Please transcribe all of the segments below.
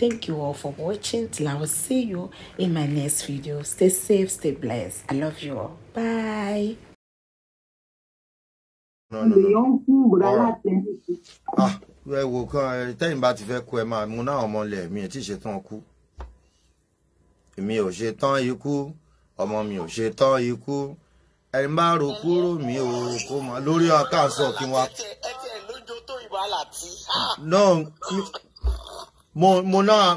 Thank you all for watching. Till I will see you in my next video. Stay safe, stay blessed. I love you all. Bye. Ah, ẹ wò kan tẹ́yìn bá ti fẹ́ kú ẹ máa mú náà ọmọ ilẹ̀ mi ẹ̀ tí ṣe tán kú èmi ò ṣe tán ikú ọmọ mi ò ṣe tán ikú ẹni bá ro kúrò mi ò kó mọ lórí akáǹsọ kí wọn. ẹ tiẹ̀ lójó tó ìbálà tí. náà mo mo náà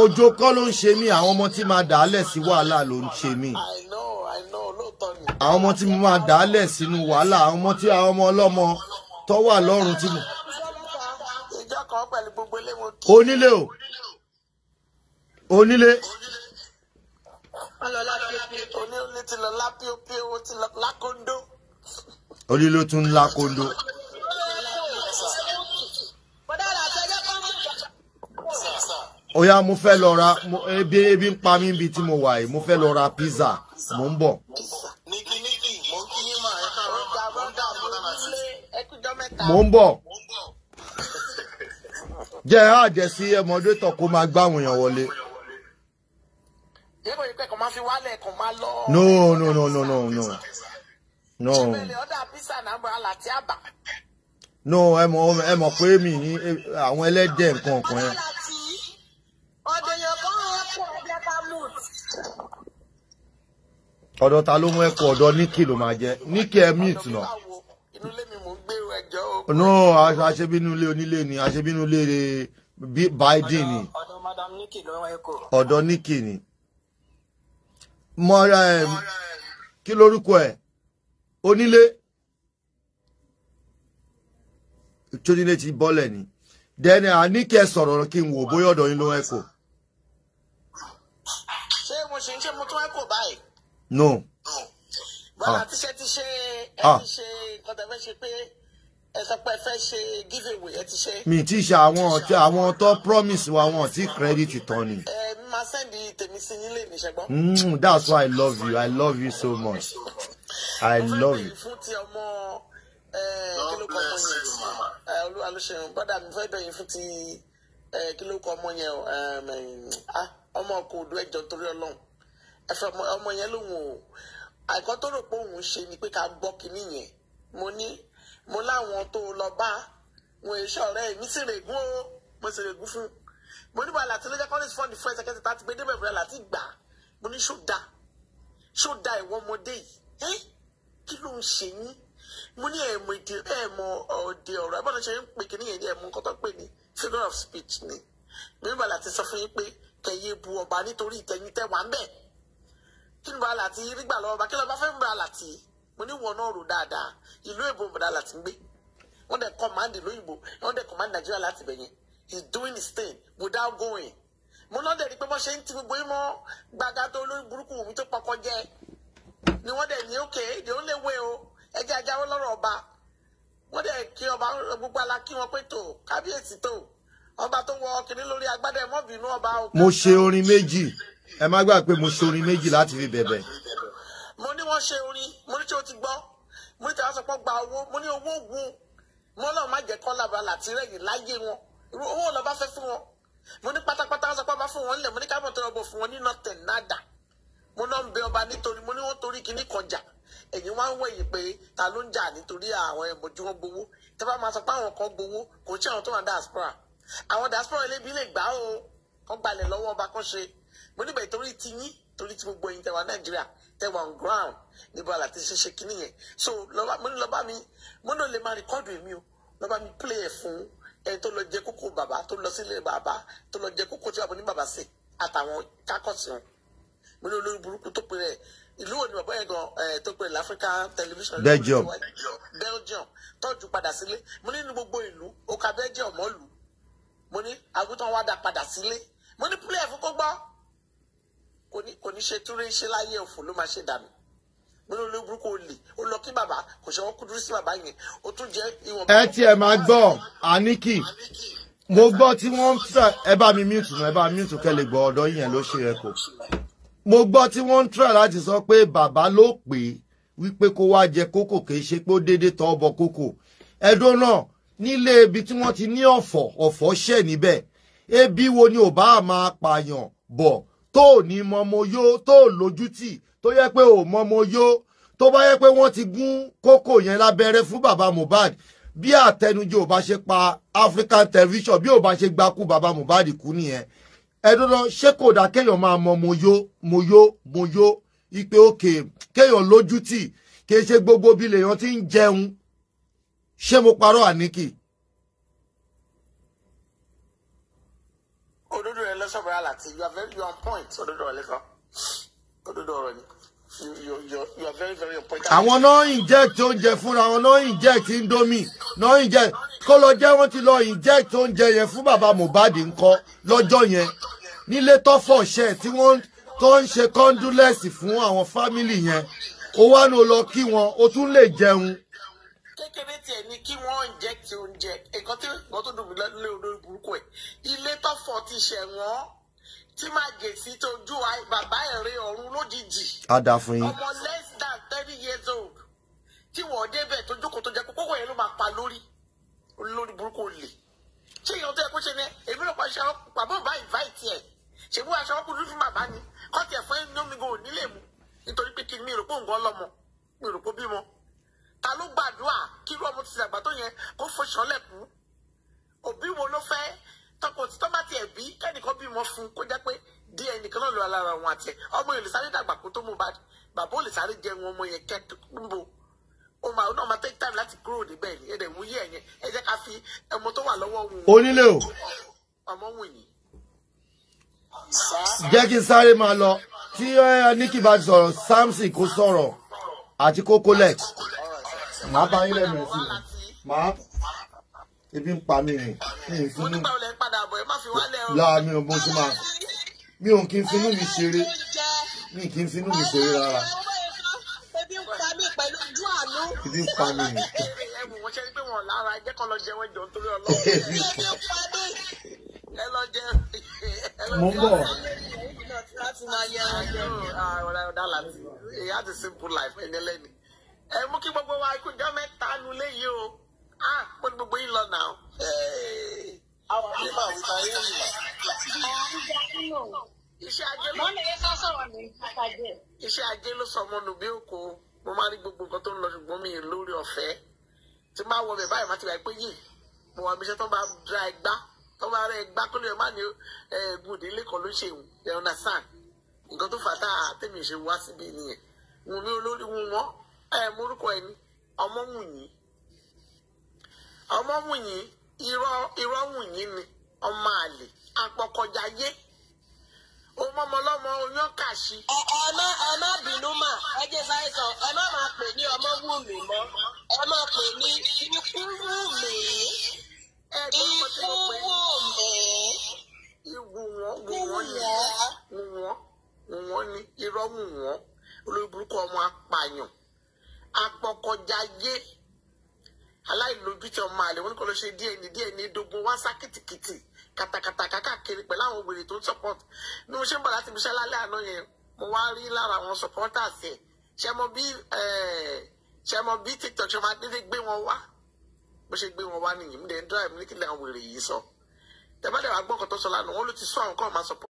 ojo kọ́ ló ń ṣe mí àwọn ọmọ tí máa dàálẹ̀ sí wàhálà ló ń ṣe mí. àwọn ọmọ tí mo máa dàálẹ̀ sínú wàhálà àwọn ọmọ tí àwọn ọmọ ọlọ́mọ tó wà lọ́rùn tí mo. onílé o onílé. onílé ti lọ lápíopío ó lọ lákòndó. onílé tún lákòndó. oya mo fẹ́ lọ ra ebi ebi ń pa mí níbi tí mo wà yìí mo fẹ́ lọ ra pizza mo ń bọ̀. mo ń bọ̀ jẹ́ àjẹ́ sí ẹmọdétọ̀ kó máa gbáwọn èèyàn wọlé. no no no no no no no no ẹ mọ̀ ẹ mọ̀ pé mi ní àwọn ẹlẹ́dẹ̀ nǹkan kan yẹn. ọ̀dọ̀ ta ló mú ẹ̀kọ́ ọ̀dọ̀ níkì ló máa jẹ́ níkì ẹ̀ mìt nà. no aṣebínú ilé onílé ni aṣebínú ilé Biden ni ọ̀dọ̀ níkì ni. mọ́ra ẹ̀ kí lórúkọ ẹ̀ onílé tónílé ti bọ́lẹ̀ ni dẹ́ni àníkẹ́ sọ̀rọ̀ kí n wò bóyá ọ̀dọ̀ yín ló ẹ̀kọ́. ṣé mo ṣe ń ṣe mo tún ẹ̀kọ́ báyìí no. bọ́lá Ah. ti ṣe ẹ ah. ti ṣe nǹkan tẹ́ fẹ́ ṣe pé ẹ sọ giveaway ẹ ti ṣe. mi ti ṣe àwọn promise wa wọn ti credit tán ni. ẹ máa sẹ́ndì tèmi sí nílé mi ṣẹ́gbọ́n. Mm, that's why i love you i love you so much i love you. fún ti ọmọ kí ló kọ́ ọmọ yẹn olúwa ló ṣe bọ́dà mi fẹ́ bẹ̀yìn fún ti kí ló kọ́ ọmọ yẹn ah, ọmọ kò dún ẹjọ́ torí ọlọ́run ẹfẹ ọmọ yẹn lòun o àìkọ́ tó rò pé òun ṣe ni pé ká gbọ́ kinní yẹn mo ní mo láwọn tó lọ bá wọn èso ọ̀rẹ́ mi sì règún o mo sì règún fún mo ní bàálà tí ló jẹ́ college fund fún ẹsẹ̀ kẹsẹ̀ láti gbé débẹ̀ bẹ̀rẹ̀ láti gbà mo ní ṣódà ṣódà ìwọ ọmọdé yìí kí ló ń ṣe yín mo ní ẹ̀mọ èdè ẹ̀mọ ọ̀dẹ ọ̀rọ̀ abọ́dọ̀ ṣe ń pè kí nìyẹn ní ẹ̀mọ nǹkan tó pè ní figure of speech ni mo ní bàálà ti sọ fún yín pé kẹ̀yẹ́ bu ọba nítorí ìtẹ̀yìn tẹ̀ wá ń bẹ̀ kí n bá àlàtì yìí nígbà lọ́wọ́ bá kí lọ́ba fẹ́ ń bá àlàtì yìí mo ní wọn náà rò dáadáa ìlú èbó bọ̀dá àlàtì ń gbé wọ́n dẹ̀ command ìlú òyìnbó wọ́n command nàìjíríà láti bẹ̀yẹn he doing his thing without going mo náà dẹ̀ rí pé wọ́n ṣe ń ti gbogbo yín gbàgà tó lórí burúkú mi tó pọkọ jẹ ni wọ́n dẹ̀ ní òkè èdè ó léwé o ẹjẹ́ ajáwó lọ́rọ̀ ọba wọ́n dẹ̀ kí ọba gbogbo ala kí wọ́n pé tó kábíyèsí tó ọba tó wọ ọkìnrin lórí agbádẹ́ mọ́bìnú ọba mo ṣe orin méjì ẹ má gbà pé mo sorin méjì láti fi bẹ̀bẹ̀. mo ní wọ́n ṣe orin mo ní tí ó ti gbọ́ mo ní tí wọ́n sọ pé gba owó mo ní owó wo mo lọ́ọ́ má jẹ́ kọ́ labalà tí rẹ̀yìn láyé wọn owó lọ bá fẹ́ fún wọn mo ní pátápátá wọ́n sọ pé bá fún wọn nílẹ̀ mo ní kábọ̀ tó lọ bọ̀ fún wọn nínú tẹ̀ nádà mo náà ń bẹ ọba nítorí mo ní wọ́n torí kinní kan jà wá ń wẹ̀yìn pé ta ló ń jà nítorí àwọn ẹ̀mọ̀jú wọn gbowó tẹ́ bá máa sọ pé àwọn kan gbowó kò ń àwọn tó wà diaspora àwọn diaspora ilé ibi lè gbà ó kán gbalẹ̀ lọ́wọ́ ọba kan ṣe mo níbẹ̀ torí ti yín torí ti gbogbo ẹ̀yin tẹwà nàìjíríà tẹwà on ground níbo àlà ti ṣeṣe kínní yẹn so lọ́ba mo ní lọ́ba mi mo náà lè máa rìkọ́dù èmi o lọ́ba mi play ẹ̀ fún ẹni tó lọ jẹ kókó bàbá tó lọ sílé bàbá tó lọ jẹ kókó tí wàá bọ ní bàbá sí àtàwọn kákọ̀sì wọn mo ní olórí burúkú tó pe rẹ̀ ìlú wo ni bàbá yẹn gan tó pe l'Africa television Belgium Belgium tọ́jú padà sílé mo ní ní gbogbo ìlú ó ka Belgium mọ́ mo ní àgùntàn wa dá padà sílé mo ní play fún kó gbọ́ kò ní ṣe túré ṣe láyé òfò ló máa ṣe dànù gbọ́dọ̀ ló burúkú olè ó lọ kí bàbá kò ṣe wọ́n kú dúró sí bàbá yẹn ó tún jẹ́ ìwọ̀n. ẹ tiẹ̀ máa gbọ́ àníkì mo gbọ́ tí wọ́n ń tẹ̀ ẹ bá mi mute ẹ bá mute kẹ́ lè gbọ́ ọ̀dọ́ yẹn ló ṣe ẹ kò. mo gbọ́ tí wọ́n ń tẹ̀ láti sọ pé bàbá ló pè é wípé kó wá jẹ kókò kì í ṣe pé ó déédéé tọ́ ọbọ̀ kókò ẹ̀dọ́ náà nílé ibi tí wọ́n ti ní ọ̀fọ̀ ọ̀fọ̀ ṣẹ̀ níbẹ̀ ebi wo ni ò bá máa pààyàn bọ̀ tó ní mọmọ yó tó lójútì tó yẹ pé ò mọmọ yó tó bá yẹ pé wọ́n ti gún kókó yẹn lábẹ́rẹ́ fún bàbá Mohbad bí àtẹnujẹ ò bá ṣe pa African Television bí ò bá ṣe gbakú bàbá Mohbad kú nìyẹn ẹdọdọ ṣé kò dá kéèyàn máa mọ moyó moyó moyó ipe òkè kéèyàn lójútì kì í ṣe gbogbo bí lèèyàn ti ń jẹun ṣé mo parọ́ àníkì mention brother Latif you are very you are on point òdodo ọ̀rọ̀ lẹ́kọ̀ọ́ òdodo ọ̀rọ̀ ni you you you are very very on point. àwọn náà inject oúnjẹ fúnra wọn náà inject indomie náà inject kó lọ jẹ́ wọ́n ti lọ inject oúnjẹ yẹn fún bàbá Mohbad ńkọ́ lọ́jọ́ yẹn nílé tọ́fọ̀ ṣẹ́ tí wọ́n tó ń ṣe condolence fún àwọn fámìlì yẹn ó wá ní o lọ kí wọn o tún lè jẹun kékeré tiẹ̀ ni kí wọ́n jẹ́ ti oúnjẹ nǹkan tí nǹkan tó dùn mí lé olórí burúkú ẹ̀ ilé tọ́fọ̀ ti ṣẹ̀ wọ́n tí máa jèsí tójú bàbá ẹ̀rẹ́ ọ̀run lójijì. a dà fún yín. ọmọ less than thirty years old tí wọ́n débẹ̀ tó jókòó tó jẹ́ pé kókó yẹn ló máa pa lórí olórí burúkú olè. ṣé ìyẹn tó yẹ kó ṣe ni èmi ló pa aṣọ bàbá ò bá invite ẹ̀ ṣé bó aṣọ ọkùnrin fún bàbá ni kọ́ọ̀tì ẹ̀fọ́ ẹ̀ ní omi gan ò nílé mu nítorí pé kí mi rò pé ta ló gbàdúrà kí irú ọmọ ti dàgbà tó yẹn kó fòṣàn lẹ́kù òbí wo ló fẹ́ tọkọ tí tọ́ba tiẹ̀ bí kẹ́nìkan bímọ fún kó jẹ́ pé díẹ̀ nìkan náà lọ alára wọn àti ẹ̀ ọmọ yẹn dàgbà kó tó mú bá bàbá ò lè sáré ọmọ yẹn kẹ́kọ̀ọ́ ó máa náà máa take time láti kúrò níbẹ̀ ni ẹ̀dẹ̀ mú yí ẹ̀yẹn ẹ jẹ́ ká fi ẹmọ tó wà lọ́wọ́ wù. onílé o ọmọ wù yín. jẹ́ kí n sáré máa lọ tí eh, Nikki bá sọ̀rọ̀ Samson kó sọ̀rọ̀ àti kókólẹ̀ màá bá yín lẹ́nu ẹ̀sìn màá ebi ń pa mí ni mi ò finú láà mi ò bójú máa mi ò kí n finú mi ṣeré mi kì í finú mi ṣeré rárá. ebi ń pa mí pẹ̀lú ojú àánú. ebi ń pa mí ni. ebi ń pa mo ń bọ̀. That's my young. Ah, well, that's a simple life ẹ mú kí gbogbo wa ikú jọ mẹ́ta nu léyìí o a pé gbogbo yín lọ nà ó. àwọn àgbà òkà yẹn wù wá. iṣẹ́ ajé ló iṣẹ́ ajé ló sọ ọmọ nù bí òkò mo máa rí gbogbo nǹkan tó ń lọ ṣùgbọ́n mi lórí ọ̀fẹ́ tí máa wọ bẹ̀ báyìí má ti wà pé yìí mo wà mí iṣẹ́ tó bá dra ẹgbá tó bá rẹ ẹgbá kó lè má ní ẹ̀ẹ́gùn ìdílé kan ló ṣe ìrọ̀nà sàn nǹkan tó fà á tà ṣe wá síbi nìyẹn wùn mí olórí wùn wọ́n ẹ morúkọ ẹ ní ọmọwùnyí ọmọwùnyí irọ́ irọ́ wùnyí ni ọmọ àlè apọkọjáyé ọmọ oyún kàṣí. ẹ má ẹ má bínú mà ẹ jẹ sọ ẹ má pè ní ọmọ wù mọ ẹ má pè ní ikú ikú ni irọ́ apọkọjáyé aláìlójútì ọmọ àlè wọn ní kò lọ ṣe díẹ̀ ní díẹ̀ ní dogun wá sá kìtìkìtì kàtàkàtà kákàkiri pẹ̀lú àwọn obìnrin tó ń support bí mo ṣe ń bọ̀ láti ibi iṣẹ́ lálẹ́ àná yẹn mo wá rí lára àwọn supporters yẹn ṣe mo bí eh, ṣe mo bí tiktok ṣe máa dédé gbé wọn wá bó ṣe gbé wọn wá nìyí mo dẹ̀ ń drive ní kílẹ̀ àwọn wèrè yìí sọ tẹ̀bá dẹ̀ wá gbọ́kàn tó sọ lánàá wọn ló ti sọ àwọn kọ́ ọ̀ máa support.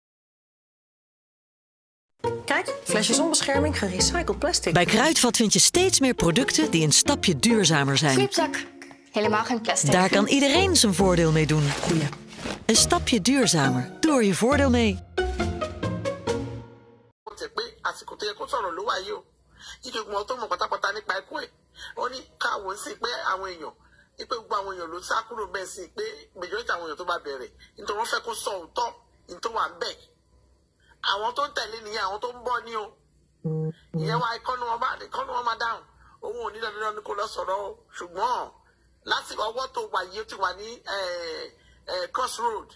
Kijk, flesjes zonbescherming, gerecycled plastic. Bij Kruidvat vind je steeds meer producten die een stapje duurzamer zijn. helemaal geen plastic. Daar kan iedereen zijn voordeel mee doen. Een stapje duurzamer. Door je voordeel mee. àwọn tó ń tẹ̀lé nìyẹn àwọn tó ń bọ̀ ní o mm-hmm. ìyẹn wa ìkọ́nu wọn bá ìkọ́nu wọn máa dáhùn òun ò ní dandan ni kò lọ sọ̀rọ̀ o ṣùgbọ́n láti ọwọ́ tó wà yìí ó ti wà ní crossroad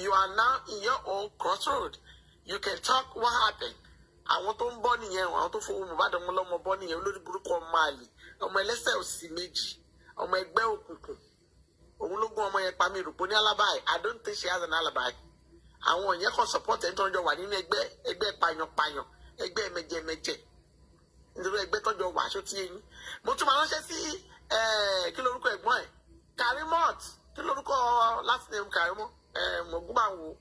you are now in your own crossroad you can talk what happened àwọn tó ń bọ̀ nìyẹn o àwọn tó fowó Mohbad ọmọ ọlọ́mọ bọ́ nìyẹn olórí burúkú ọmọ àlè ọmọ ẹlẹ́sẹ̀ òsì méjì ọmọ ẹgbẹ́ òkùnkùn òun ló gún ọmọ yẹn pa mí rò pé ní alibi I don't think she has an alibi àwọn yẹn kàn support ẹni tó ń jọ wà nínú ẹgbẹ́ ẹgbẹ́ payanpayan ẹgbẹ́ mẹjẹmẹjẹ nítorí ẹgbẹ́ tó ń jọ wà sóti ẹyin mo tún máa ránṣẹ́ sí eh, kí lorúkọ ẹ̀gbọ́n ẹ̀ Karimot kí lorúkọ last name Karimot Ògúnbànwò eh,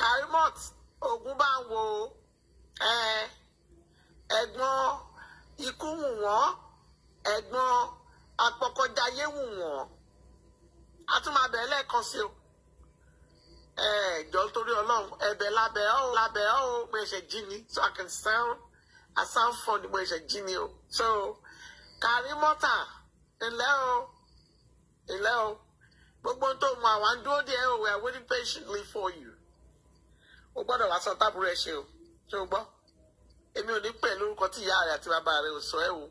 Karimot Ògúnbànwò eh, ẹ̀gbọ́n ikú wù wọ́n ẹ̀gbọ́n apọkọjayé wù wọ́n a tún máa bẹ̀rẹ̀ lẹ́ẹ̀kan sí o ẹ̀ẹ́dọ́ torí ọlọ́run ẹ̀bẹ̀ lábẹ́ ọ́ lábẹ́ ọ́ mo ẹ̀ṣẹ̀ jí ni so I can sound I sound funny mo ẹ̀ṣẹ̀ jí ni o so Karimota ńlẹ́ o ńlẹ́ o gbogbo tó mu àwọn dúró díẹ̀ o we are waiting patiently for you o gbọ́dọ̀ wá sọ tábùrú ẹ ṣe o ṣé o gbọ́ èmi ò ní pẹ̀ lórúkọ tí ìyá rẹ̀ àti bàbá rẹ̀ ò sọ ẹ́ o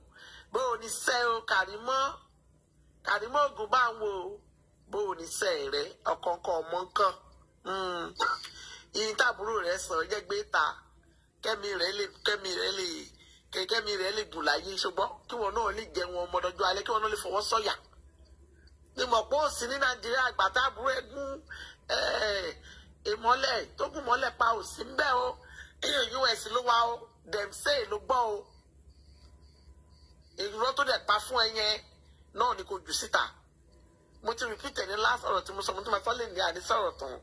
bó o ní sẹ́ o Kàrímọ́ Kàrímọ́ ògùn bá ń wo bó o ní sẹ́ rẹ̀ ọ̀kọ̀ọ̀kan ọmọ nǹkan iye hmm. táàbúrò rẹ̀ sọ jẹ́ gbé ta kẹ́mi rẹ̀ lè kẹ́mi rẹ̀ lè kẹ́mi rẹ̀ lè gùn láyé ṣùgbọ́n kí wọn náà lè jẹun ọmọdọ́jọ́ alẹ́ kí wọn náà lè fọwọ́ sọ̀yà ni mọ̀ pé òsì ní nàìjíríà àgbà táàbúrò ẹ̀gún eh, ìmọ́lẹ̀ tó gùn mọ́lẹ̀ pa òsì ń bẹ́ o èèyàn us ló wá o dem say ló gbọ́ o ìrọ́ tó dẹ̀ pa fún ẹ yẹn náà ni kò jù síta mo ti repeat ní last ọ̀rọ̀ tí mo sọ mo ti máa sọ ní ànísọ̀rọ̀ tán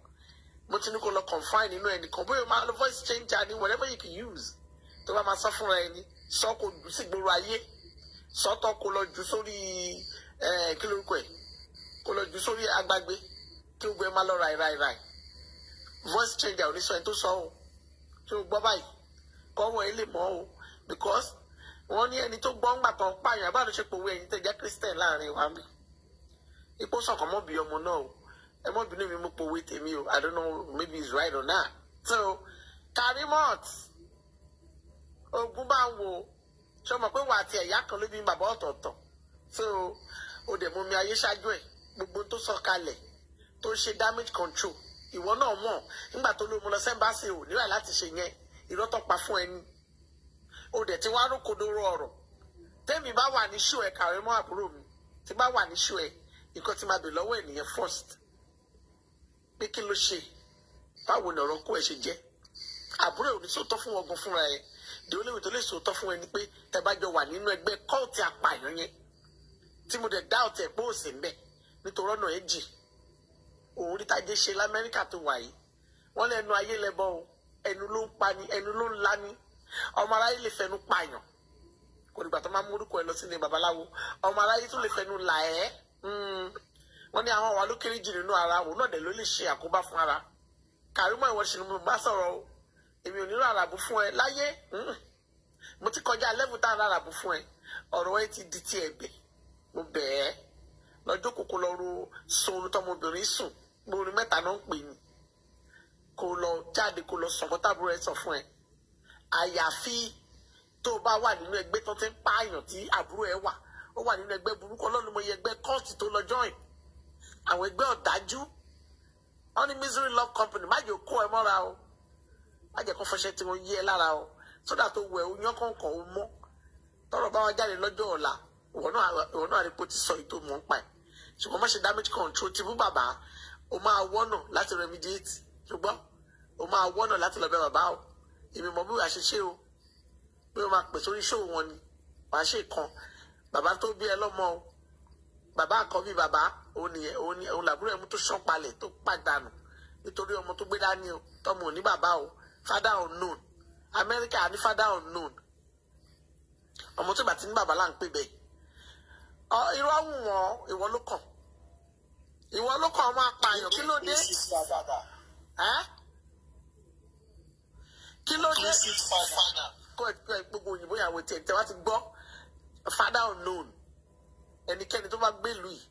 mo ti ní kó lọ confine nínú ẹnìkan bóyá máa lo voice changer ni whatever you can use tó bá máa sọ fúnra ẹni sọ kò jù sí gbòòrò ayé sọtọ kò lọ jù sórí kí lórúkọ ẹ kò lọ jù sórí agbágbé kí gbogbo ẹ máa lọ ráì ráì ráì voice changer oníṣọ ẹni tó sọ o tí o gbọ́ báyìí kọ́wọ́ ẹ lè mọ̀ o because wọ́n ní ẹni tó gbọ́ ńgbà kan pààyàn àbáàdó ṣe pòwe ẹ̀yìn tẹ̀jẹ́ Christian láàrin wa mi ipò sọ̀kan mọ́ bí ọmọ náà o ẹ mọ bínú mi mo powó tèmi o i don't know maybe it's right or not so Karimot ogun bá ń wo sọmọ pé wà á ti ẹ̀yà kan ló bí bàbá ọ̀tọ̀ọ̀tọ̀ so o dẹ̀ mú mi ayé ṣáájú ẹ̀ gbogbo tó sọ kalẹ̀ tó ṣe damage control ìwọ náà mọ̀ nígbà tó ló mu lọ sẹ́ńbàṣì ò níwà láti ṣe yẹn irọ́ tó pa fún ẹni o dẹ̀ ti wá rókodoro ọ̀rọ̀ tẹ́mi bá wà ní ṣó ẹ̀ Karimot àbúrò mi ti bá wà ní ṣó ẹ̀ nǹkan ti máa bè lọ́wọ́ ẹ̀ nìyẹn first pé kí ló ṣe báwo ni ọ̀rọ̀ kó ẹ̀ ṣe jẹ́ àbúrò ò ní sòótọ́ fún ọgbọ́n fúnra ẹ̀ di olóyè tó lè sòótọ́ fún ẹni pé ẹ bá jọ wà nínú ẹgbẹ́ kọ́ọ̀tì apààyàn yẹn tí mo dẹ̀ dá ọ̀tẹ̀ pé ò sí mbẹ̀ nítorí ọ̀nà ẹ̀ jì òun rí tajé ṣe lamẹ́ríkà tó wà yìí wọ́n lẹ́nu ayé lẹ́bọ o ẹnu ló ń pani ẹnu ló ń lani ọmọ aráyé lè fẹnu pààyàn kò nígbà tó máa mú orúkọ ẹ lọ sí ilé babaláwo ọmọ aráyé tó lè fẹnu là ẹ́ hmm wọ́n ní àwọn wa ló kéré jù nínú ara òun náà dẹ̀ ló lè ṣe àkóbá fún ara Kàrímọ́ ìwọ ṣì ni mo bá sọ̀rọ̀ o èmi ò nílò àràbù fún ẹ láyé hmm. mo ti kọjá lẹ́bù tá à ń àràbù fún ẹ ọ̀rọ̀ ẹ ti di ti ẹ̀bẹ̀ mo bẹ̀ ẹ́ lọ́jọ́ kòkó lọ ro sunrun tọmọbìnrin sùn gbórin mẹ́ta náà ń pè ní kó lọ jáde kó lọ sọ̀kọ́ tábúrò ẹ sọ fún ẹ àyàfi tó o bá wà nínú ẹgbẹ́ tó ti ń pààyàn tí àbúrò ẹ wà ó wà nínú ẹgbẹ́ burúkú ọlọ́run mo yẹ ẹgbẹ́ kọ́ọ̀tì tó lọ jọ́ìn àwọn ẹgbẹ́ ọ̀dájú wọ́n ní misery love company má jẹ́ kó ẹ mọ́ra o má jẹ́ kó fọṣẹ tí wọ́n yí ẹ lára o sódà tó wẹ̀ oyún kọ̀ọ̀kan o mọ́ tọrọ bá wọn jáde lọ́jọ́ ọ̀la ìwọ náà rí pé ó ti sọ ètò mọ̀ ń pa ẹ̀ ṣùgbọ́n má ṣe damage control ti bú bàbá o máa wọ́nà láti remediate ṣùgbọ́n o máa wọ́nà láti lọ bẹ̀ bàbá o èmi mọ̀ bí wàá ṣe ṣe o bí wọ́n máa pè sórí ṣòwò wọn ni wàá ṣe kan bàbá tó bí ẹ lọ́mọ o bàbá àkọ́bí bàbá òun nìyẹn òun làbúrò ẹ̀mú tó sàn palẹ̀ tó pàdánù nítorí ọmọ tó gbé dání o tọmọ òní bàbá o father unknown Amẹ́ríkà ní father unknown ọmọ tó bá ti ní bàbá là ń pè bẹ́ẹ̀ irú ọ̀hún wọn ìwọ ló kàn ìwọ ló kàn ọmọ apààyàn kí ló dé kí ló dé gbogbo òyìnbó ìyàwó tiẹ̀ tẹ́ wá ti gbọ́ father unknown ẹnikẹ́ni tó bá gbé ìlú yìí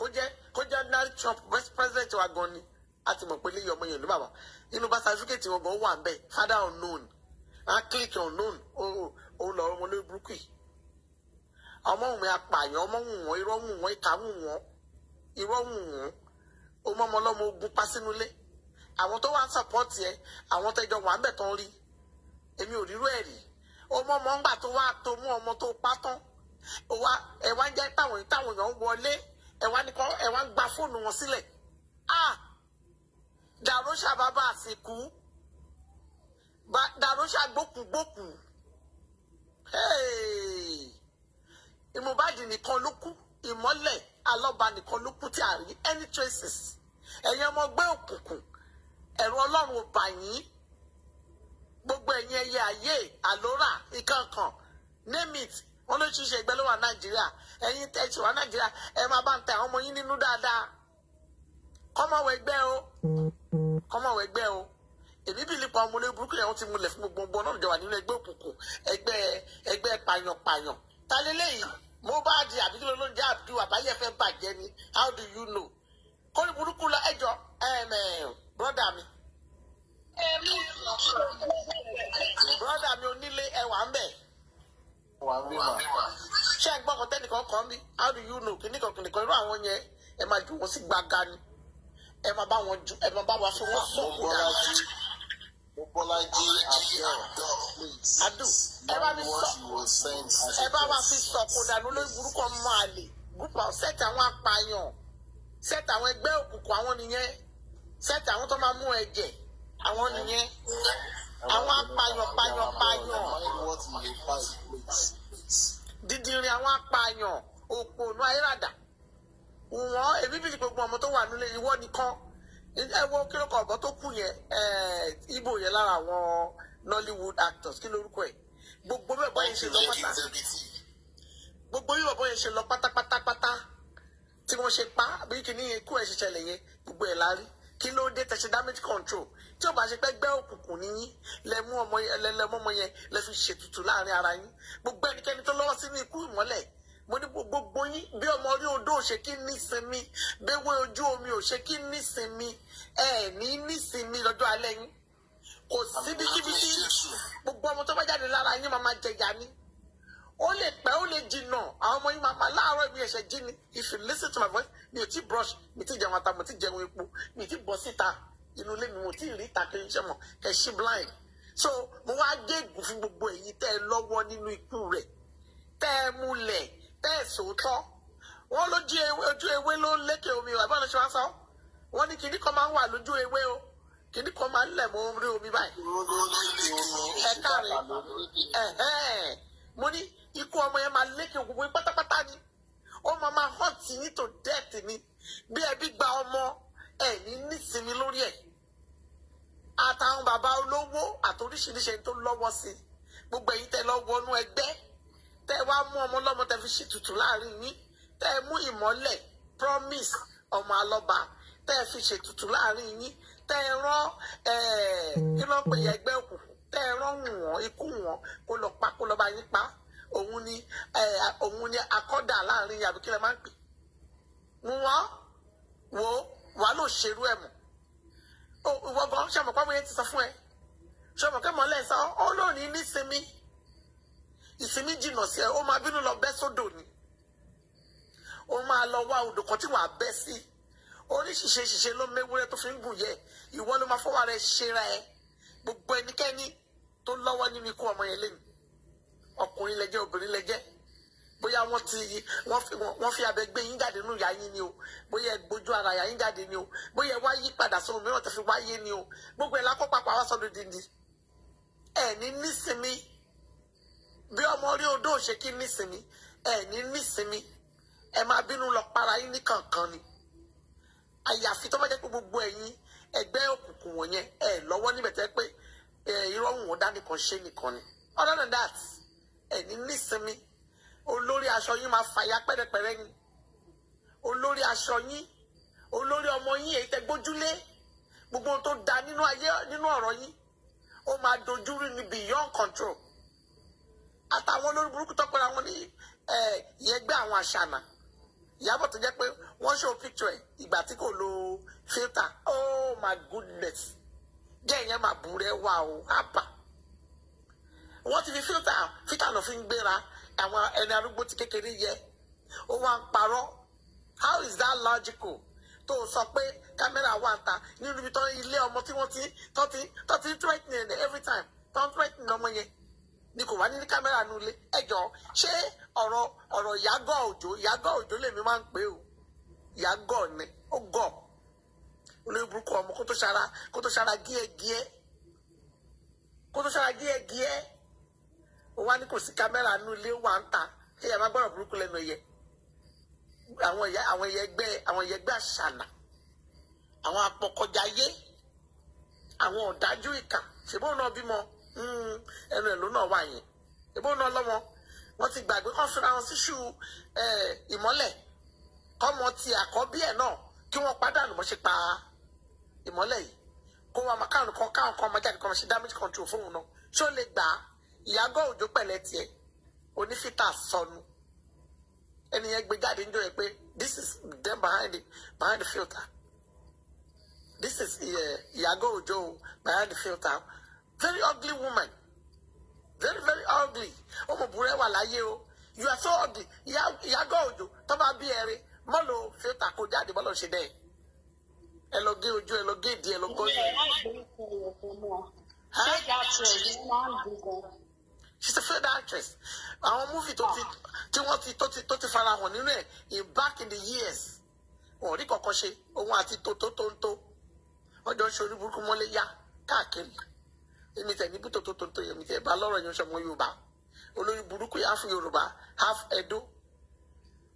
kó jẹ́ kó jẹ́ Donald Trump west president wa gan ni a ti mọ̀ pé lè yọ ọmọ yẹn ní bàbá inú bá certificate wọn gan wà bẹ́ẹ̀ father unknown a click unknown ó lọ ọmọ lórí burúkú yìí ọmọ òun yà pààyàn ọmọ òun wọn irọ́ òun wọn ìka òun wọn irọ́ òun wọn ọmọ ọmọ ọlọ́mọ ogun pa sínú ilé àwọn tó wá ń sọpọ́ọ̀tì ẹ àwọn tẹjọ wà ń bẹ̀ tán rí èmi ò rírú ẹ̀ rí ọmọ ọmọ ńgbà tó wá tó mú ọmọ tó pa wa ẹ wá ń jẹ́ táwọn táwọn èèyàn wọlé ẹ wá ní kọ́ ẹ wá ń gba fóònù wọn sílẹ̀ ah dàrúṣà bàbá àsìkú dàrúṣà gbókùgbókù ìmùbàdì nìkan ló kú ìmọ́lẹ̀ alọ́ba nìkan ló kú tí a rí any traces ẹ̀yin ọmọ gbé òkùnkùn ẹ̀rù ọlọ́run ò bà yín gbogbo ẹ̀yin ẹyẹ ayé àlórà ìkankan name it wọn ló ṣiṣẹ́ ẹgbẹ́ ló wà nàìjíríà ẹ̀yin tẹsí wà nàìjíríà ẹ máa bá ń ta ọmọ yín nínú dáadáa kọmọwé gbẹ o kọmọwé gbẹ o èmi bí nípa ọmọlé burúkú yẹn wọn ti múlẹ̀ fún gbogbo ọ̀nà ìjọba nínú ẹgbẹ́ òkùnkùn ẹgbẹ́ ẹgbẹ́ pàyànpàyàn ta lélẹ́yìn Mohbad àbí ló ló ń jẹ́ àbí àbáyẹ fẹ́ bàjẹ́ ni how do you know kórè burúkú la ẹjọ́ brọ́dà mi brọ́dà mi onílé ẹwà ń bẹ̀ ṣé ẹgbọ́n kan tẹ́nìkan kọ́ mi how do you know kìnnìkan kìnnìkan irú àwọn yẹn ẹ máa ju wọn sí gbàgà ni ẹ máa bá wọn ju ẹ máa bá wọn fún wọn sọ kó dáa. mo bọ́lá jí abdul please ẹ bá mi sọ ẹ dànù lórí burúkú ọmọ àlè gúpọ̀ sẹ́ẹ̀tì àwọn apààyàn sẹ́ẹ̀tì àwọn ẹgbẹ́ òkùnkùn àwọn nìyẹn sẹ́ẹ̀tì àwọn tó máa mú ẹ̀jẹ̀ àwọn nìyẹn àwọn apààyàn pààyàn pààyàn dídìrín àwọn apààyàn òpònú ayérada wọn èmi bìí gbogbo ọmọ tó wà nílé ìwọ nìkan ẹ wo kí ló kọ ọgbọ tó kù yẹn ibo yẹn lára àwọn Nollywood actors kí lorúkọ ẹ gbogbo bí ọbọ yẹn ṣe lọ pátá gbogbo bí ọbọ yẹn ṣe lọ pátápátápátá tí wọn ṣe pa bí kìíní ikú ẹ ṣiṣẹlẹ yẹn gbogbo ẹ lárí kí ló dé tẹ̀sí damage control tí ó bá ṣe pé gbẹ́ òkùnkùn níyí lẹ mú ọmọ yẹn lẹ mú ọmọ yẹn lẹ fi ṣètùtù láàrin ara yín gbogbo ẹnikẹ́ni tó lọ́wọ́ sínú ikú ìmọ́lẹ̀ mo ní gbogbo yín bí ọmọ orí odó ò ṣe kí nísinmi bẹ́wẹ́ ojú omi ò ṣe kí nísinmi ẹ̀ ní nísinmi lọ́jọ́ alẹ́ yín kò síbikíbi tí gbogbo ọmọ tó bá jáde lára yín máa máa jẹ̀yà ni ó lè pẹ́ ó lè jìnnà àwọn ọmọ yín máa pa láàárọ̀ mi ẹ̀ṣẹ̀ jí ni if you listen to my voice mi ò tí brush mi ti jẹun ata mo ti jẹun epo mi ti bọ́ síta inú ilé mi mo ti rí ìta kí mọ̀ ẹ̀ ṣí blind so mo wá géègùn fún gbogbo èyí tẹ́ ẹ lọ́wọ́ nínú ikú rẹ̀ tẹ́ ẹ múlẹ̀ tẹ́ ẹ sòótọ́ wọ́n lójú ojú ewé ló ń lékè omi ìwà ìbánisọ wá sọ wọ́n ní kinní kan máa ń wà lójú ewé o kinní kan máa ń lẹ̀ mọ́ orí omi báyìí ẹ̀ka rẹ̀ mo ní ikú ọmọ yẹn máa lékè gbogbo yín pátápátá ni ó máa máa hàn tí yín tó dẹ́ẹ̀tì ni bí ẹbí gba ọmọ ẹ̀ ní nísìmí lórí ẹ̀ àtàwọn bàbá olówó àtòríṣiríṣi tó lọ́wọ́ sí gbogbo èyí tẹ́ lọ wọnú ẹgbẹ́ tẹ́ wá mú ọmọ lọ́mọ tẹ́ fi ṣe tutù láàrin yín tẹ́ mú ìmọ́lẹ̀ promise ọmọ alọ́ba tẹ́ fi ṣe tutù láàrin yín tẹ́ rán kí ló ń pè yẹ ẹgbẹ́ òkùnkùn tẹ́ rán wọn ikú wọn kó lọ pa kó lọ bá yín pa òun ni òun ni akọ́dà láàrin yàbí kí lè máa ń pè mú wọn wo wàá lò ṣerú ẹ̀ mọ̀ ìwọ gan ṣàmọ̀ pàmò yẹn ti sọ fún ẹ ṣàmọ̀ kẹ́mọ̀ lẹ́sàn ó lónìí nísinmi ìsinmi jìnnà sí ẹ ó máa bínú lọ bẹ́ sódò ni ó máa lọ wá odò kan tí wàá bẹ́ sí oríṣiṣẹ́ ṣiṣẹ́ ló méwúrẹ́ tó fi ń gùn yẹ ìwọ ló máa fọwọ́ rẹ ṣera ẹ gbogbo ẹnikẹ́ni tó lọ́wọ́ nínú ikú ọmọ yẹn lẹ́nu ọkùnrin lẹ́jẹ́ obìnrin lẹ́jẹ́ bóyá wọ́n ti wọ́n fi abẹ gbé yín jáde nù yá yín ni o bóyá gbójú ara yá yín jáde ni o bóyá wá yí padà sóhun mìíràn tó fi wáyé ni o gbogbo ẹ̀ lákọ́ papọ̀ àwọn sọ́dọ̀ dìndín ẹ̀ ní nísinmi bí ọmọ orí odó ṣe kí nísinmi ẹ̀ ní nísinmi ẹ̀ máa bínú lọ para yín ní kankan ni àyàfi tó bá jẹ́ pé gbogbo ẹ̀yin ẹgbẹ́ òkùnkùn wọ̀nyẹn ẹ̀ lọ́wọ́ níbẹ̀ tẹ́ pé irọ́ wọ̀n dá nìkan nìkan ni other than that ẹni nísinmi olórí aṣọ yín máa fàyà pẹ́rẹpẹ́rẹ́ ni olórí aṣọ yín olórí ọmọ yín èyí tẹ́ gbójúlé gbogbo tó da nínú ayé nínú ọ̀rọ̀ yín ó máa dojúrú ni beyond control àtàwọn olórí burúkú tó pẹ́ra wọn ní ìyẹn gbé àwọn àṣànà ìyàbọ̀ tó jẹ́ pé wọ́n ṣó picture ẹ̀ ìgbà tí kò lo filter oh my goodness jẹ́ ìyẹn máa bù rẹ wá o àbá wọ́n ti fi fíltà fíltà náà fi ń gbéra àwọn ẹni arúgbó ti kékeré yẹ ó wá ń parọ́ how is that logical tó sọ pé kámẹ́rà wà ń ta nínú ibi tán ilé ọmọ tí wọ́n ti tán ti tán ti threatening ẹ̀ every time tán threatening ọmọ yẹn ni kò wá ní kámẹ́rà nulẹ̀ ẹ̀jọ̀ ṣé ọ̀rọ̀ ọ̀rọ̀ ìyágọ̀ òjò ìyágọ̀ òjò lèmi máa ń pè ó ìyágọ̀ ni ó gọ̀ olóyè burúkú ọmọ kó tó ṣara kó tó ṣara gíẹ́gíẹ́ kó tó ṣara gíẹ́gíẹ́ ó wá ní kò sí kámẹ́rà nínú ilé wà ń ta ẹ̀yà máa gbọ́dọ̀ burúkú lẹ́nu ẹ̀yẹ àwọn ẹ̀yà àwọn ẹ̀yẹ ẹgbẹ́ àwọn ẹ̀yẹ ẹgbẹ́ àṣànà àwọn apọkọjáyé àwọn ọ̀dájú ìkà ṣèbóun náà bímọ hmm, ẹnu ẹ̀ ló náà wà yẹn ṣèbóun náà lọ́mọ wọ́n ti gbàgbé kọ́ fúnra wọn síṣù ìmọ́lẹ̀ kọ́mọ ti àkọ́bí ẹ̀ náà kí wọ́n pàdánù mọ́ ṣe pa ìmọ́lẹ̀ yìí kó wọn máa káwọn kan káwọn kan máa jáde kọ́ máa ṣe damage control fóun náà ṣó lè gbà Ìyábọ̀ Òjó pẹ̀lẹ́ tiẹ̀ onífítà sọnù ẹni gbé jáde ń this is them behind the behind the filter this is iyago eh, Òjó behind the filter very ugly woman very very ugly ọmọ wà láyé o you are so ugly Ìyábọ̀ Òjó tó bi bí ẹrin mọ́lò filter kò jáde mọ́lò ṣe dẹ́ ẹ lọ gé ojú ẹ lọ gé ìdí ẹ lọ ṣé tiẹ̀ yìí máa ń dùn gan-an. she's a failed actress Our movie, tó ti ah. tí wọ́n ti to ti to ti farahàn nínú ẹ̀ in back in the years oh, ò rí kankan ṣe òun to tó tó tó ń tó wọ́n jọ ń ṣe oríburúkú mọ́lé yá káàkiri èmi tẹ̀ níbi tó tó tó ń tó èmi tẹ̀ bá lọ́rọ̀ yẹn ṣọmọ Yorùbá ya burúkú yà half Edo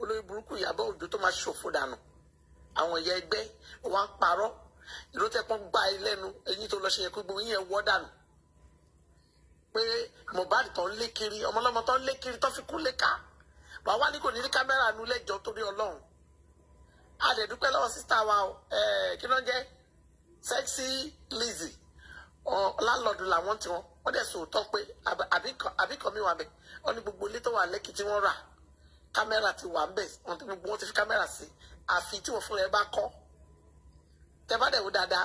olórí burúkú Ìyábọ̀ Òjó tó máa ṣòfò dànù àwọn ìyá ẹgbẹ́ wọn parọ́ ìlú tẹ́pọ́n gbá ẹ lẹ́nu ẹ̀yìn tó lọ ṣe yẹ kó gbogbo yín ẹ wọ́ dànù pé Mohbad tó ń lé kiri ọmọlọ́mọ tó ń lé kiri tó fi kú léka wàá wá ní kò ní rí kámẹ́rà nu lẹ́jọ́ torí ọlọ́run a lọ́wọ́ sísá wa o kí ló ń jẹ́ sexy lizzy? lálọ́ọ̀dù làwọn tiwọn wọ́n dẹ̀ sòótọ́ pé àbíkọ́ mi wà bẹ̀ wọ́n ní gbogbo ilé tó wà lẹ́kì tí wọ́n rà kámẹ́rà ti wà ń bẹ̀ wọ́n ti gbogbo wọn ti fi kámẹ́rà sí àfi tí wọ́n fúnra ẹ bá kọ́ tẹ bá dẹ̀ wò dáadáa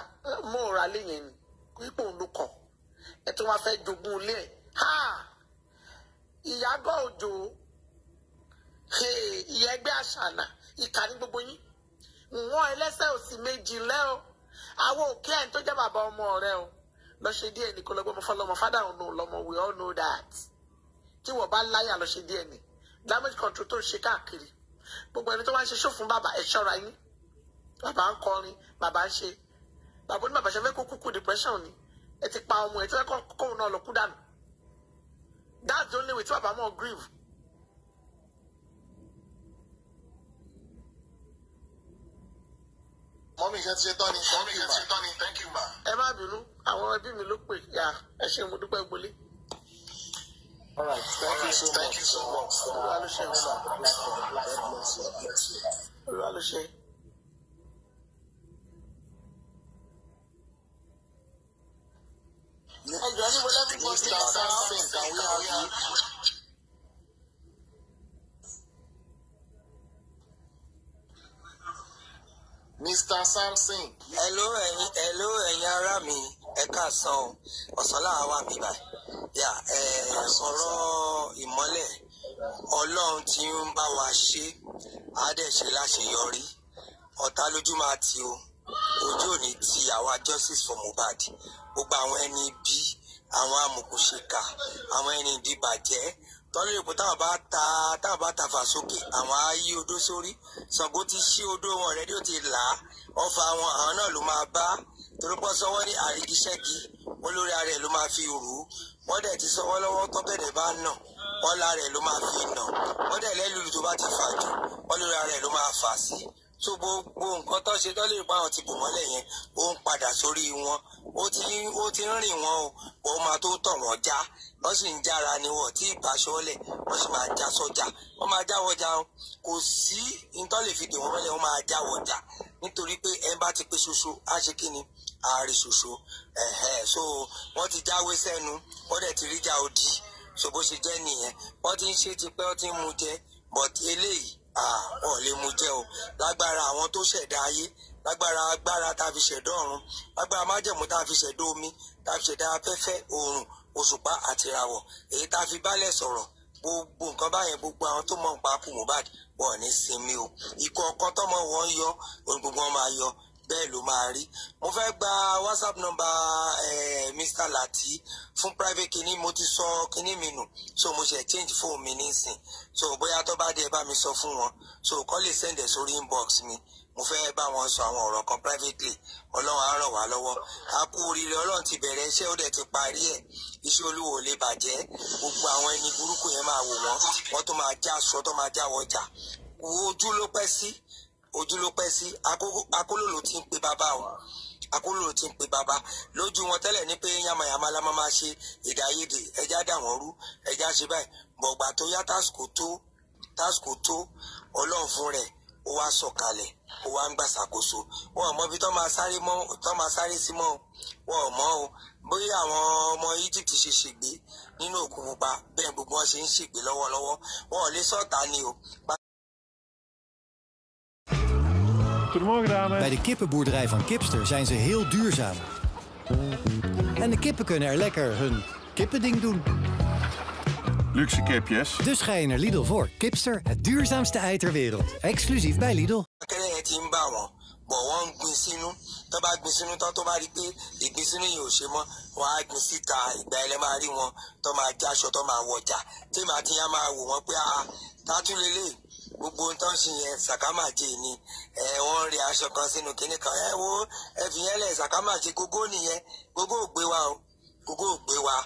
mọ́ ọ̀rọ̀ alẹ́ yẹn ni ipò òun ló kọ̀ ẹ tó máa fẹ́ jogún ilé ẹ̀ ha Ìyábọ̀ Òjó ìyẹn ẹgbẹ́ àṣàlà ìkà ní gbogbo yín wọn ẹlẹ́sẹ̀ òsì méjì lẹ́ o àwọn òkè ẹ̀ tó jẹ́ bàbá ọmọ rẹ o lọ díẹ̀ ní kó lọ́gbọ́n mo fọlọ́mọ fádà òun náà we all know that tí wọ́n bá láyà lọ díẹ̀ ní damage control tó ń ṣe káàkiri gbogbo ẹni tó wá ń ṣe ṣó bàbá ẹ̀ ṣọ́ra yín bàbá ń kọrin bàbá ń ṣe bàbá ní bàbá ṣe fẹ́ kó kúkú depression ni ẹ ti pa ọmọ ẹ tí wọ́n kóun náà lọ dànù that's the only way tí bàbá mọ̀ grieve. mọ́mí iṣẹ́ ti ṣe tán ni mọ́mí iṣẹ́ ti ṣe tán ni thank you ma. ẹ má bínú àwọn ẹbí mi ló pè yà ẹ ṣe mo dúpẹ́ gbolé. All Thank All right. you so Thank much. Thank you so much. Mr. Samson. Hello ẹ̀yin hello ẹ̀yin ará mi ẹ káàsán ọ̀sán làwọn wà mí báyìí ẹ sọ̀rọ̀ ìmọ́lẹ̀ ọlọ́run tí ń bá wa ṣe á dẹ̀ ṣe láṣeyọrí ọ̀tá lójú máa ti o ojú ò ní ti àwa justice for Mohbad gbogbo àwọn ẹni bíi àwọn amòkùnṣìkà àwọn ẹni ìdìbàjẹ́ tọ́lú èpò táwọn bá ta táwọn bá ta fà sókè àwọn á yí odó sórí Ṣàngó ti ṣí odó wọn rẹ́dí ó ti là á ọfà wọn àwọn náà ló máa bá torípọ̀ sọ́wọ́ ní àrígiṣẹ́gi wọn lórí ara ẹ̀ ló máa fi rù ú wọ́n dẹ̀ ti sọ́wọ́ lọ́wọ́ tọ́bẹ̀rẹ̀ bá nà wọ́n lára ẹ̀ ló máa fi nà wọ́n dẹ̀ lẹ́lùlù tó bá ti fà jù wọ́n lórí ara ẹ̀ ló máa fà sí so gbogbo nǹkan tó ṣe lọ́lẹ̀ ìpá àwọn bò mọ́lẹ̀ yẹn ó ń padà sórí wọn ó ti ó ti ń rìn wọn o ó máa tó tọ̀ wọ́n já wọ́n sì ń jára ni wọ́n tí ìbáṣọ́lẹ̀ wọ́n sì máa já sọ́jà wọ́n máa já wọ́jà o kò sí ìtọ́lẹ̀ fìdí wọn mọ́lẹ̀ wọ́n máa já wọ́jà nítorí pé ẹ bá ti pé ṣoṣo á ṣe kí ni ààrẹ ṣoṣo ẹ̀hẹ́ so wọ́n ti jáwé sẹ́nu wọ́n dẹ̀ ti rí já odi so bó ṣe jẹ́ nìyẹn wọ́n ti ń ṣe tipẹ́ wọ́n ti ń mu jẹ but eléyìí Ah, wọn ò lè mú jẹ o lágbára àwọn tó ṣẹ̀dá ayé lágbára agbára tá a fi ṣẹ̀dá ọ̀run lágbára májẹ̀mú tá a fi ṣẹ̀dá omi tá a fi ṣẹ̀dá afẹ́fẹ́ oòrùn òṣùpá àtìràwọ̀ èyí tá a fi bálẹ̀ sọ̀rọ̀ gbogbo nǹkan báyẹn gbogbo àwọn tó mọ̀ pa Apu wọn ò ní sinmi o ikú ọkọ tọmọ wọn yọ ohun gbogbo wọn máa yọ bẹ́ẹ̀ ló máa rí mo fẹ́ gba whatsapp number eh, mr lati fún private kinní mo ti sọ kinní mi nù so mo ṣe change phone mi nísìn so bóyá tó bá dé bá mi sọ fún wọn so kọ́ lè send ẹ̀ sórí inbox mi mo fẹ́ bá wọn sọ àwọn ọ̀rọ̀ kan privately ọlọ́run á ràn wá lọ́wọ́ a kú oríire ọlọ́run ti bẹ̀rẹ̀ iṣẹ́ ó dẹ̀ ti parí ẹ̀ iṣẹ́ olúwo lè bàjẹ́ gbogbo àwọn ẹni burúkú yẹn máa wò wọ́n wọ́n tó máa já aṣọ tó máa já wọjà wo ojú ló pẹ́ sí. Si ojú ló pẹ́ sí akólòlò tí ń pe bàbá o akólòlò tí ń pe bàbá lójú wọn tẹ́lẹ̀ ní pé yamayama la máa máa ṣe èdè àìyedè ẹja dà wọ́n rú ẹja ṣe báyìí bọ̀gbà tó yá tásìkò tó tásìkò tó ọlọ́run fún rẹ̀ ó wá sọ̀kalẹ̀ ó wá ń gbà ṣàkóso wọn ò mọbi tó máa máa sáré sí mọ́ wọn ò mọ̀ o bóyá àwọn ọmọ Egypt ṣe ṣègbè nínú òkun pupa bẹ́ẹ̀ gbogbo wọn ṣe ń ṣègbè lọ́wọ́lọ́wọ́ wọn ò lè sọ̀tà ni o. Goedemorgen, dames. Bij de kippenboerderij van Kipster zijn ze heel duurzaam. En de kippen kunnen er lekker hun kippending doen. Luxe kipjes. Dus ga je naar Lidl voor. Kipster, het duurzaamste ei ter wereld. Exclusief bij Lidl. gbogbo ohun ṣe yẹn sàkámàjẹ ni ẹ wọn rí aṣọ kan sínú kinní kan ẹ wo ẹ yẹn lẹ sàkámàjẹ gógó nìyẹn gógó ò wa o gógó ò wa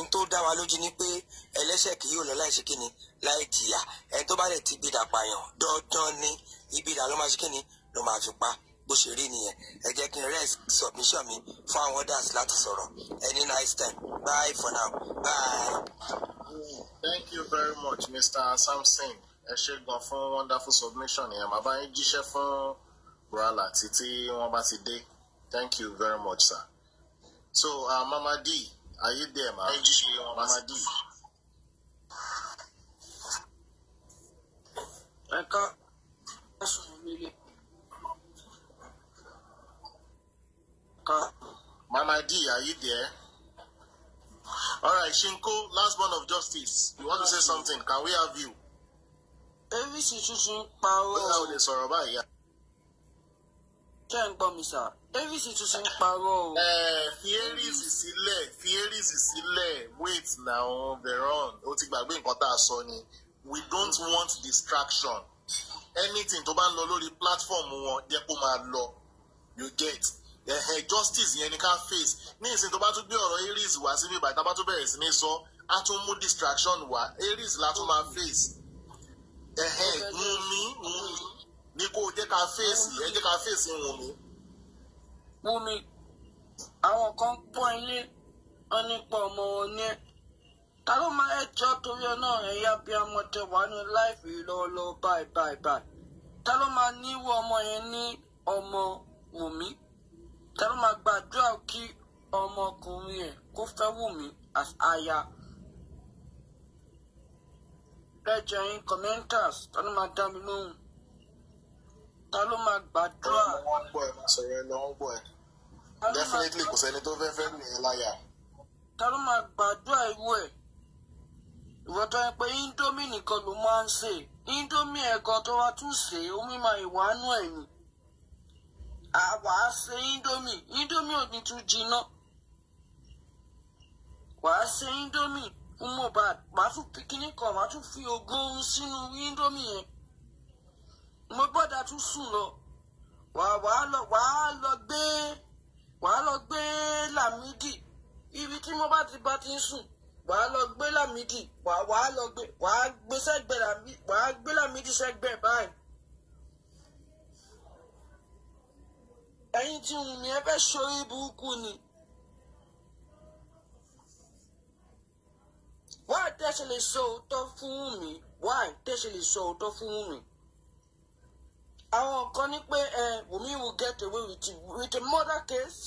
n tó dá wa lójú ni pé ẹlẹ́ṣẹ̀ kì yóò lọ láìsí kíni láì jìyà ẹni tó bá lè ti ibi dàpàyàn dandan ni ibi dà ló máa ṣe kíni ló máa fi pa bó ṣe rí nìyẹn ẹ jẹ́ kí n rest submission mi fún àwọn others láti sọ̀rọ̀ any nice time bye for now bye. Thank you very much Mr. Samson ẹ ṣe gan fún wonderful submission yẹn màá bá yín jíṣẹ́ fún brala títí wọ́n bá ti dé thank you very much sir so uh, mama d are you there, jíṣẹ́ mama d. ẹ ká ẹ sọ̀rọ̀ Mama D, are you there? All right, Shinko, last one of justice. You want to say something? Can we have you? abc tuntun pa owó. bóyá o lè sọ̀rọ̀ báyìí yá. ṣé ń gbọ́ mi sà abc tuntun pa owó. ẹ fi sílẹ̀ fi sílẹ̀ wait now veron o ti gbàgbé nǹkan tá a sọ ni we don't want distraction anything tó bá ń lọ lórí platform wọn jẹ́ kó máa lọ you get ẹ̀hẹ̀ justice yẹn ni ká face ní ìsìn tó bá tún gbé ọ̀rọ̀ aries wá síbi ìbàdàn bá tún bẹ̀rẹ̀ sí ní sọ á tún mú distraction wá aries la tún máa face. Wumi, Wumi, ni kò jẹ́ ká fèsì ẹ jẹ́ ká fèsì Wùnmí. Wùnmí àwọn kan pọ̀ ilé wọn nípa ọmọ wọn ní ta ló máa ẹ jọ torí ẹ náà ẹ yá bí ọmọ tẹ wà ní láìpẹ́ lọ́wọ́lọ́wọ́ báyìí báyìí báyìí ta ló máa níwọ ọmọ yẹn ní ọmọ Wùnmí ta ló máa gbàdúrà kí ọmọkùnrin ẹ kó fẹ́ Wùnmí àyà. As- bẹ́jọ yín commenters ta ló máa dá mi lóhùn ta ló máa gbàdúrà. wọ́n ń ẹ̀ sọ̀rọ̀ ẹ lọ wọ́n ẹ̀ definitely kò sẹ́ni tó fẹ́ fẹ́ nìyẹn láyà. ta ló máa gbàdúrà ìwọ ẹ̀ ìwọ tó yẹ pé indomie nìkan ló máa ń sè indomie ẹ̀kan tó wá tún sè é omi máa ìwánú ẹ̀ ni àwa ṣe indomie indomie ò ní tún jiná wàá ṣe indomie. Mohbad màá tún fi kíní kan màá tún fi ogún sínú índómì yẹn mo gbọ́dọ̀ tún sùn lọ wàá wàá lọ wàá lọ gbé wàá lọ gbé Lámídì ibi tí mo bá ti bá ti ń sùn wàá lọ gbé Lámídì wàá wàá lọ gbé wàá gbé sẹ́gbẹ̀ Lámídì wàá gbé Lámídì sẹ́gbẹ̀ báyìí. ẹ̀yin tí wùn mí ẹ fẹ́ ṣorí burúkú ni. wá tẹ́sí lè sọ òótọ́ fún mi wá tẹ́sí lè sọ òótọ́ fún mi. àwọn kan ní pé ẹ eh, Wunmi will get away with, it, with a murder case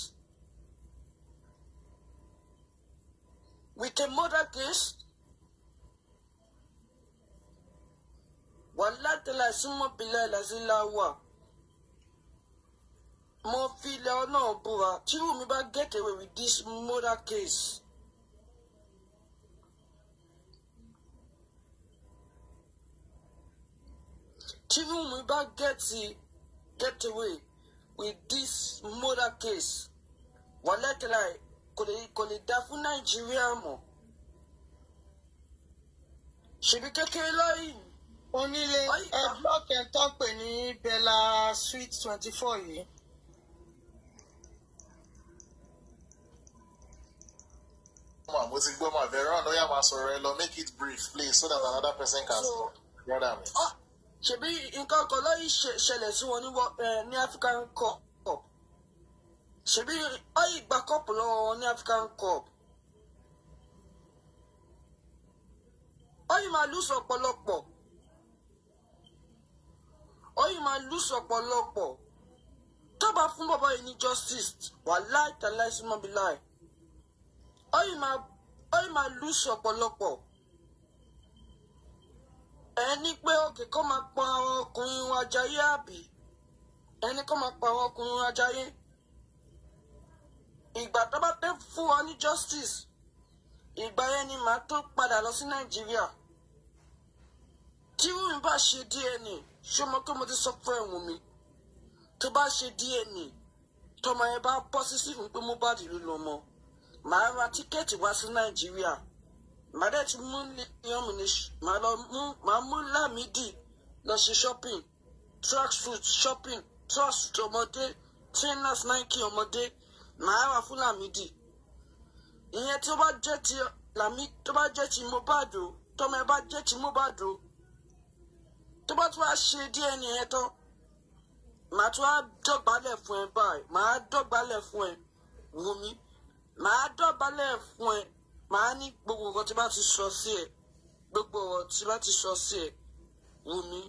with a murder case wàhálà tẹ̀lé àìsínmọ́ bílẹ̀ làzílà wà mo fi ilẹ̀ ọ náà búra tí Wunmi bá get away with this murder case. Tinubu bá gẹ́tì get get away with this murder case wàlẹ́kẹ̀láì kò lè dá fún Nàìjíríà mọ́ ṣèbí kékeré lọ́yìn. onílé ẹ blọọkì ẹ tó pè ní Bella Sweet twenty four yìí. ma mo ti gbọ́ ma bẹ̀rẹ̀ ọ̀nà ó máa sọ̀rọ̀ ẹ lọ make it brief please so that another person can so, hear me ṣebí nǹkan kan lọ́yìn ṣẹlẹ̀ sí wọn ní eh, African Cup ṣebí ọyìn gba kọ́ọ̀pù lọ́wọ́ wọn ní African Cup ọyìn máa lùsọ̀ ọ̀pọ̀lọpọ̀ ọyìn máa lùsọ̀ ọ̀pọ̀lọpọ̀ tọ́ba fún bàbá yìí ní justice wà láì tàláì sí mọ́bí láì ọyìn máa lùsọ̀ ọ̀pọ̀lọpọ̀ ẹ ní pé òkè kó máa pa àwọn ọkùnrin wa jayé àbí ẹ ní kó máa pa àwọn ọkùnrin wa jayé ìgbà tó bá tẹ́ fún wa ní justice ìgbà yẹn ni màá tó padà lọ sí nàìjíríà tí wùmí bá ṣe DNA ṣé mo kí mo ti sọ fún ẹ̀wọ̀n mi tó bá ṣe DNA tọmọ yẹn bá bọ́ sí sí fún pé Mohbad ló lọ mọ́ màá ra tíkẹ́ẹ̀tì wá sí nàìjíríà màá dẹ̀ ti mú Liam ní màá lọ mú màá mú lọ sí shopping trucks suit shopping trust ọmọdé trainers Nike ọmọdé màá wà fún Lámìdí ìyẹn tó bá jẹ́ ti làmí tó bá jẹ́ ti Mohbad o tọmọ ẹ bá jẹ́ ti Mohbad o tó bá tún wá ṣe díẹ̀ nìyẹn tán màá tún wá dọ̀gbálẹ̀ fún ẹ báyìí màá dọ̀gbálẹ̀ fún ẹ Wùmí màá dọ̀gbálẹ̀ fún ẹ màá ní gbogbo nǹkan tí bá ti sọ sí ẹ gbogbo ọ̀rọ̀ tí bá ti sọ sí ẹ wù mí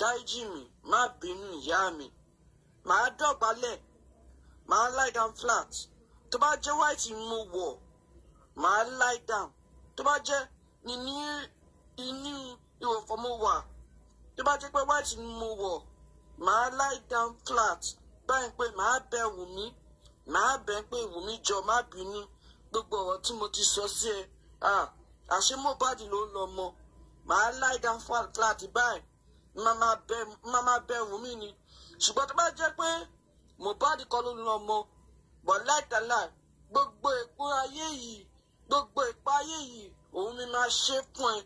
dáríjì mi má bínú ìyá mi màá dọ̀gbálẹ̀ màá lie down flat tó bá jẹ́ white mo wọ̀ màá lie down tó bá jẹ́ nínú inú ìwòfọ̀ mo wà tó bá jẹ́ pé white mo wọ̀ màá lie down flat báyìí pé màá bẹ̀ Wùmí màá bẹ̀ pé Wùmí jọ má bínú gbogbo ọ̀rọ̀ tí mo ti sọ sí ẹ àṣé Mohbad ló ń lọ mọ màá lie down flat báyìí màmá bẹ̀rù mí ni ṣùgbọ́n tó bá jẹ́ pé Mohbad kọ́ ló ń lọ mọ bọ̀ láìtàlá gbogbo èpo ayé yìí gbogbo èpo ayé yìí òun ni máa ṣe fún ẹ.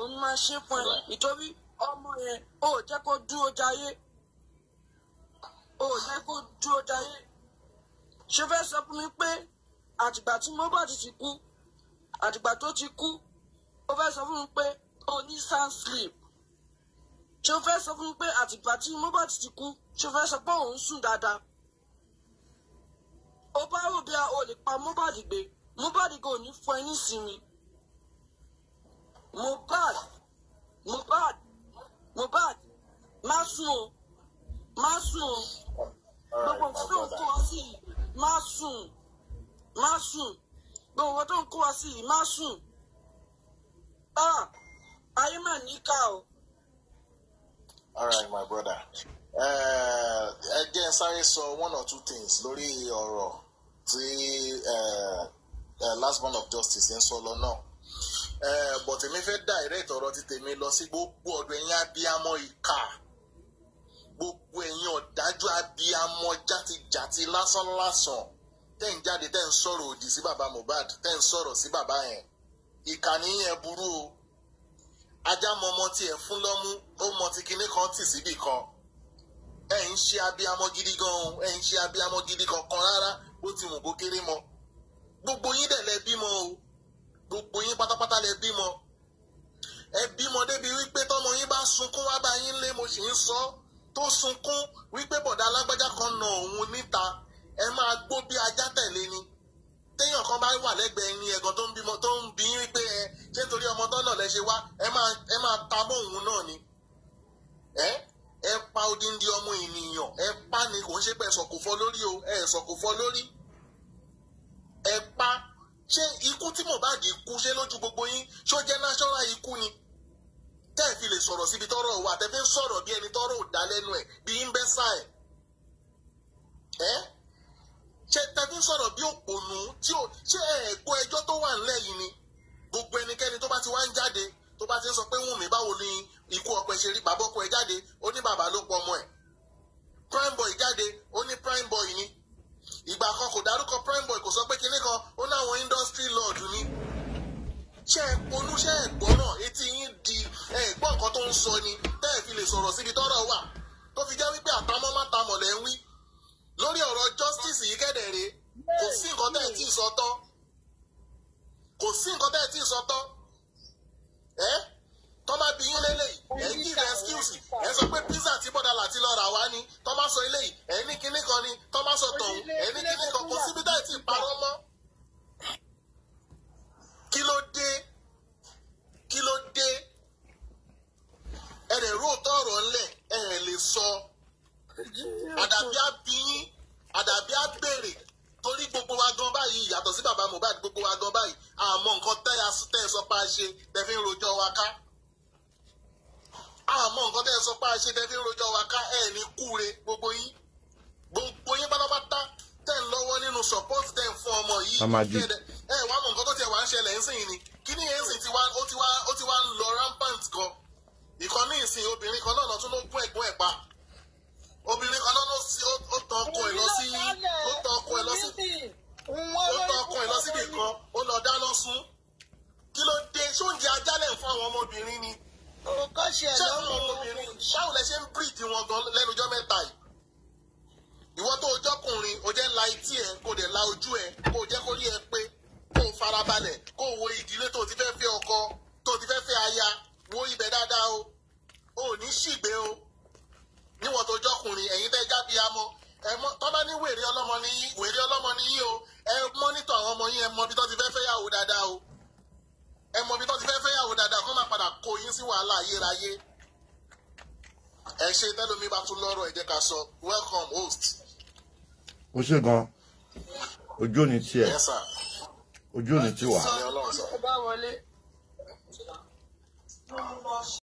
òun máa ṣe fún ẹ nítorí ọmọ yẹn ò jẹ́ kó dúró jayé ò jẹ́ kó dúró jayé ṣe fẹ́ sọ fún mi pé àtìgbà tí Mohbad ti kú àtìgbà tó ti kú ó fẹ́ sọ fún mi pé ó ní sand sleep ṣe fẹ́ sọ fún mi pé àtìgbà tí Mohbad ti kú ṣe fẹ́ sọ pé òun sùn dáadáa ó bá rò bí a ò lè pa Mohbad gbé Mohbad kò ní fọ ẹ nísìnyí Mohbad Mohbad Mohbad má sùn o má sùn o gbogbo nǹkan tó ń kọ́ sí yìí má sùn má sùn gbogbo tó ń kó wa sí yìí má sùn ah ayé mà níkà o. all right my brother eh, ẹ jẹ́ ẹ sáré sọ one or two things lórí ọ̀rọ̀ tí eh, eh, last born of justice ń sọ lọ náà but èmi fẹ́ direct ọ̀rọ̀ ti tèmi lọ sí gbogbo ọ̀dọ̀ ẹ̀yin abiyamọ ìkà gbogbo ẹ̀yin ọ̀dọ̀ ọ̀dájú abiyamọ játijàti lásánlásán tẹ́ ń jáde tẹ́ ń sọ̀rọ̀ òdì sí bàbá Mohbad tẹ́ ń sọ̀rọ̀ sí bàbá yẹn ìkànnì yẹn burú o ajá mọ ọmọ tiẹ̀ fún lọ́mú ó mọ ti kinní kan tì síbì kan ẹ̀ ń ṣe abiyamọ gidi gan o ẹ̀ ń ṣe abiyamọ gidi kankan rárá ó ti wù kó kéré mọ gbogbo yín dẹ̀ lẹ bímọ o gbogbo yín pátápátá lẹ bímọ ẹ bímọ débi wípé tọmọ yín bá sunkún wá bá yín lé mo sì ń sọ ọ́ tó sunkún wípé bọ̀dá alágbájá kan nà òun níta ẹ máa gbó bí ajá tẹ̀lé ni téèyàn kan bá wà lẹ́gbẹ̀ẹ́ yín ẹ̀gàn tó ń bímọ tó ń bí yín wípé ẹ ṣé torí ọmọ tọ́nà lẹ ṣe wá ẹ máa ẹ ta mọ́ òun náà ni ẹ ẹ pa odindi ọmọ ènìyàn ẹ pa ni kò ń ṣe pé ẹ̀sọ̀ fọ́ lórí o ẹ̀sọ̀ kò fọ́ lórí ẹ pa ṣé ikú tí Mohbad kú ṣe lójú gbogbo yín ṣó jẹ́ náṣọ́ra ikú ni tẹ́ ẹ̀ fi lè sọ̀rọ̀ síbi tọ́rọ̀ wà tẹ́ fi ń sọ̀rọ̀ bí ẹni tọ́rọ̀ ò dá lẹ́nu ẹ̀ bí ń bẹ́ sá ẹ̀ ẹ́ ṣe tẹ́ sọ̀rọ̀ bí òpònú tí ò ṣe ẹ̀gbọ́ ẹjọ́ tó wà ńlẹ̀ yìí ni gbogbo ẹnikẹ́ni tó bá ti wá ń jáde tó bá ti ń sọ pé Wùnmí báwo ni ikú ọkọ ẹ̀ ṣe rí bàbá ọkọ ẹ̀ jáde ó ní bàbá ló pọ̀ ọmọ ẹ̀ prime boy jáde ó ní prime boy ni ìgbà kan kò prime boy kò sọ pé kinní kan industry lord ni ṣe é ponú ṣe é gbọ́nà etí yín di ẹ̀gbọ́n nǹkan tó ń sọ ni tẹ́ ẹ̀ fi lè sọ̀rọ̀ síbi tọ́rọ̀ wà tó fi jẹ́ wípé àtàmọ́ má tamọ̀ lẹ́ ń wí lórí ọ̀rọ̀ justice yìí kẹ́dẹ̀ rè kò sí nǹkan tẹ́ ẹ̀ tí ì sọ tán kò sí nǹkan tẹ́ ẹ̀ tí ì sọ tán ẹ́ tọ́ba bí yín lélẹ́yìí ẹ̀ ń give excuse ẹ̀ sọ pé pizza tí bọ́dà láti lọ rà wá ni tọ́ba sọ eléyìí ẹ̀ ní kinní kan ni tọ́ba sọ tọ̀hún ẹ̀ ní kinní kan kò síbi tẹ́ ẹ̀ parọ́ mọ́ kí ló dé kí ló dé ẹ̀rẹ̀ róòtọ́ ọ̀rọ̀ ńlẹ̀ ẹ̀rẹ̀ lè sọ àdàbí abiyín àdàbí abèrè torí gbogbo wa gan báyìí yàtọ̀ sí bàbá Mohbad gbogbo wa gan báyìí àmọ́ nǹkan tẹ́ ẹ sọ pa ṣe tẹ́ fi ń rojọ́ wa ká àmọ́ nǹkan tẹ́ ẹ sọ pé àṣẹ tẹ́ fi ń rojọ́ wa ká ẹ̀ ní kúre gbogbo yín gbogbo yín pátápátá tẹ̀ ń lọ́wọ́ nínú support tẹ̀ ń fún ọmọ yìí yẹn sìn ni kíní yẹn sìn ti wá ó ti wá ó ti wá ń lọ rampant gan ìkan ní ìsìn obìnrin kan náà tún ló gún ẹ̀gbọ́n ẹ̀ pa obìnrin kan náà ó tan ọkọ ẹ̀ lọ sí ó tan ọkọ ẹ̀ lọ sí ó tan ọkọ ẹ̀ lọ síbì kan ó lọ dáná sun kí ló dé sóúnjẹ ajálẹ̀ fún àwọn ọmọbìnrin ni ṣé àwọn ọmọbìnrin ṣáà lẹ ṣe ń bíríìdì wọn gan lẹ́nujọ́ mẹ́ta yìí ìwọ tó o jọkùnrin o jẹ́ la etí ẹ kó o dẹ̀ la ojú ẹ kó o jẹ́ kó rí ẹ pé farabalẹ̀ kó wo ìdílé tó ti fẹ́ fẹ́ ọkọ tó ti fẹ́ fẹ́ aya wo ibẹ̀ dáadáa o ò ní ṣìgbé o níwọ̀n tó jọkùnrin ẹ̀yin tẹ́ jábí amọ́ tọ́ ní wèrè ọlọ́mọ níyí wèrè ọlọ́mọ níyí o ẹ mọ́nítọ̀ àwọn ọmọ yín ẹ mọ ibi tó ti fẹ́ fẹ́yàwó dáadáa o ẹ mọ ibi tó ti fẹ́ fẹ́yàwó dáadáa kó má padà kó yín sí wàhálà ayérayé ẹ ṣe tẹ́lómi bá tún lọ́rọ̀ ẹ ká sọ welcome host. ó ṣe gan ojú ò ní tiẹ̀. yes sir ojú ò ní tì